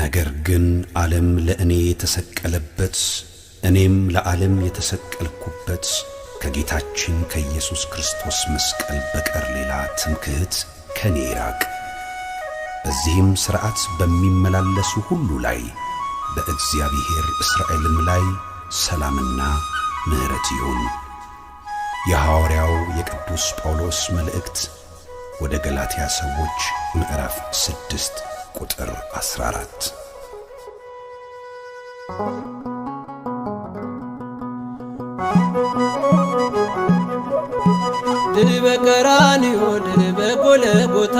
ነገር ግን ዓለም ለእኔ የተሰቀለበት እኔም ለዓለም የተሰቀልኩበት ከጌታችን ከኢየሱስ ክርስቶስ መስቀል በቀር ሌላ ትምክህት ከኔ ይራቅ። በዚህም ሥርዓት በሚመላለሱ ሁሉ ላይ በእግዚአብሔር እስራኤልም ላይ ሰላምና ምሕረት ይሁን። የሐዋርያው የቅዱስ ጳውሎስ መልእክት ወደ ገላትያ ሰዎች ምዕራፍ ስድስት ቁጥር 14 ድል በቀራንዮ ድል በጎልጎታ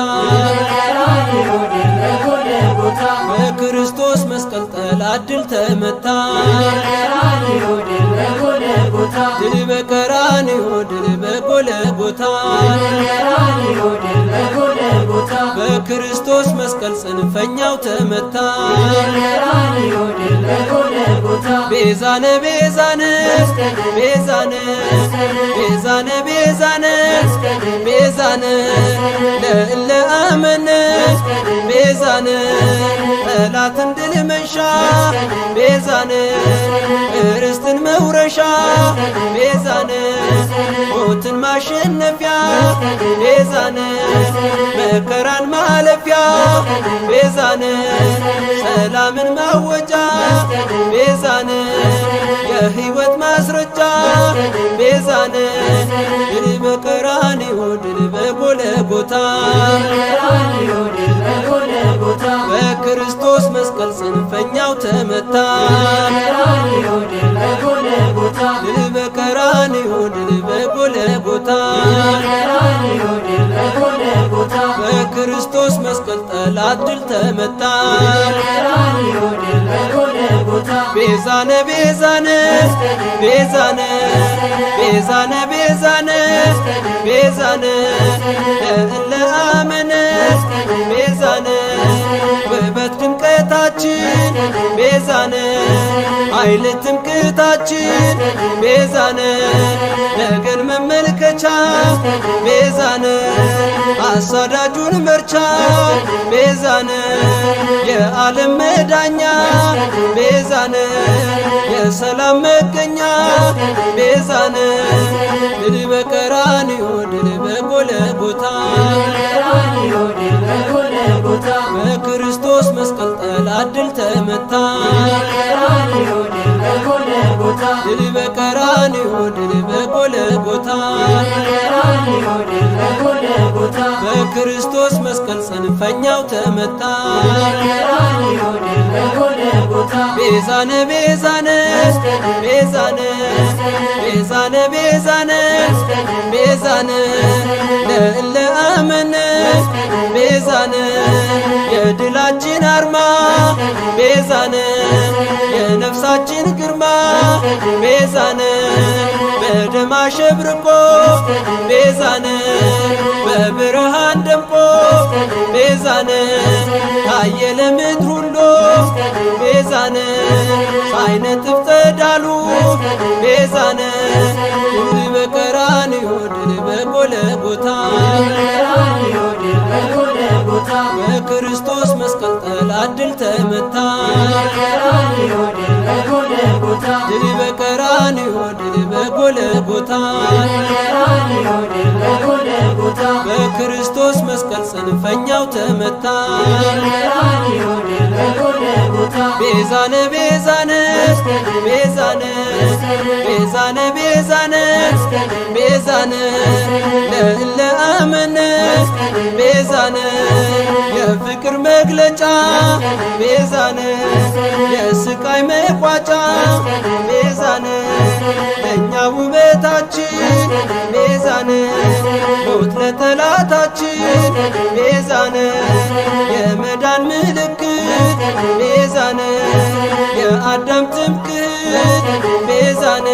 በክርስቶስ መስቀል ጠላት ድል ተመታ ድል በቀራንዮ ድል በክርስቶስ መስቀል ጽንፈኛው ተመታ ቤዛነ ቤዛነ ቤዛነ ቤዛነ ቤዛነ ቤዛነ ለእለ አመነ ቤዛነ ጠላትን ድል መንሻ ቤዛነ እርስትን መውረሻ ቤዛነ ማሸነፊያ ቤዛነ መከራን ማለፊያ ቤዛነ ሰላምን ማወጃ ቤዛነ የህይወት ማስረጃ ቤዛነ ድል በቀራንዮ ድል በጎልጎታ በክርስቶስ መስቀል ጽንፈኛው ተመታ ይሁድ በጎልጎታ በክርስቶስ መስቀል ጠላት ድል ተመታ። ቤዛነ ቤዛነ ቤዛነ ቤዛነ ቤዛነ ቤዛነ ለእለ ቤዛነ ውበት ድምቀታችን ኃይል ትምክህታችን ቤዛነ ነገር መመልከቻ ቤዛነ አሳዳጁን መርቻ ቤዛነ የዓለም መዳኛ ቤዛነ የሰላም መገኛ ቤዛነ ድል በቀራንዮ ድል በጎልጎታ በክርስቶስ መስቀል ጠላት ድል ተመታ ድል በቀራንዮ ድል በጎልጎታ በክርስቶስ መስቀል ጽንፈኛው ተመታ። ቤዛነ ቤዛነ ቤዛነ ቤዛነ ቤዛነ ቤዛነ ለእለ አመነ ቤዛነ የድላችን አርማ ቤዛነ የነፍሳችን ግርማ ቤዛነ በደም አሸብርቆ ቤዛነ በብርሃን ደምቆ ቤዛነ ታየ ለምድር ሁሉ ቤዛነ ሳይነጥፍ ፀዳሉ ቤዛነ ሁሉ በቀራንዮ ድል በጎልጎታ በክርስቶስ መስቀል ጠላት ድል ተመታ ጎልጎታ በክርስቶስ መስቀል ጽንፈኛው ተመታ። ቤዛነ ቤዛነ ቤዛነ ቤዛነ ቤዛነ ቤዛነ ለእለ አመነ ቤዛነ የፍቅር መግለጫ ቤዛነ የስቃይ መቋጫ ውበታችን ቤዛነ ሞት ለጠላታችን ቤዛነ የመዳን ምልክት ቤዛነ የአዳም ትምክህት ቤዛነ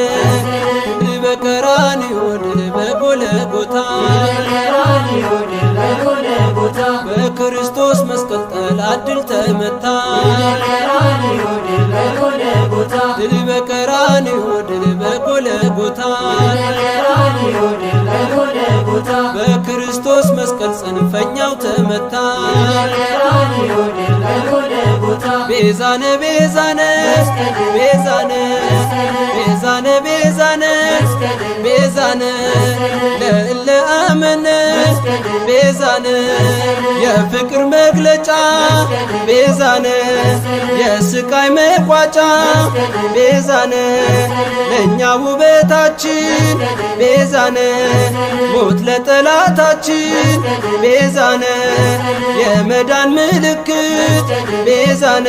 በቀራንዮ ድል በጎልጎታ በክርስቶስ መስቀል ጠላት ድል ተመታ ድል በቀራንዮ ድል በጎልጎታ በክርስቶስ መስቀል ጽንፈኛው ተመታ። ቤዛነ ቤዛነ ቤዛነ ቤዛነ ቤዛነ ቤዛነ ቤዛነ የፍቅር መግለጫ ቤዛነ የስቃይ መቋጫ ቤዛነ ለእኛ ውበታችን ቤዛነ ሞት ለጠላታችን ቤዛነ የመዳን ምልክት ቤዛነ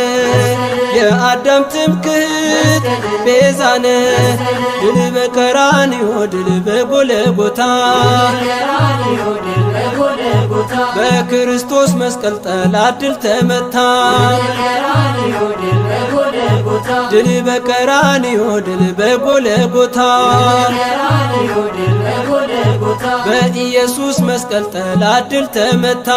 የአዳም ትምክህት ቤዛነ ድል በቀራንዮ ድል በጎለጎታ በክርስቶስ መስቀል ጠላት ድል ተመታ ድል በቀራንዮ ድል በጎለጎታ በኢየሱስ መስቀል ጠላት ድል ተመታ